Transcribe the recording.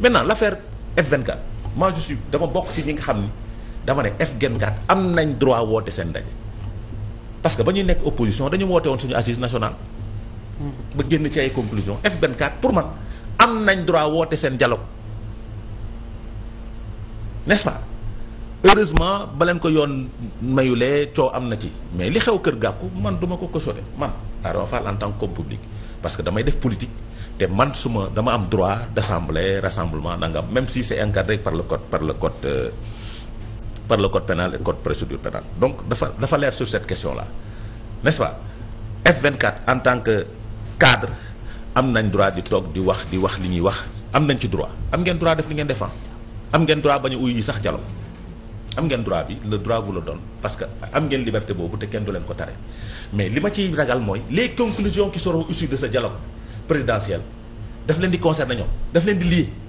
maintenant l' affaire F24 moi je dama bokk ci ñi nga xam ni dama ne F24 am nañ droit woote seen ndaje parce que ba ñuy nekk opposition dañu woote woon suñu assise nationale. ba génn ci ay conclusion F24 pour man am nañ droit woote seen dialogue n'est-ce pas heureusement ba leen ko yoon mayulee coow am na ci mais li xew kër gàkku man duma ko cautionné man Adama Fall en tant que homme public parce damay def politique. te man suma dama am droit d'assemblée rassemblement nangam même si c'est encadré par le code par le code euh, par le code pénal et code procédure pénale donc dafa dafa leer sur cette question là n'est-ce pas F24 en tant que cadre am nañ droit di toog di wax di wax li ñuy wax am nañ ci droit am ngeen droit def li ngeen defan am ngeen droit bañ a uyu yi sax jalo am ngeen droit bi le droit vous le donne parce que am ngeen liberté boobu te kenn du leen ko tere mais li ma ciy ragal mooy les conclusions qui seront issues de ce dialogue présidentielle daf leen di concerner ñoom daf leen di lié.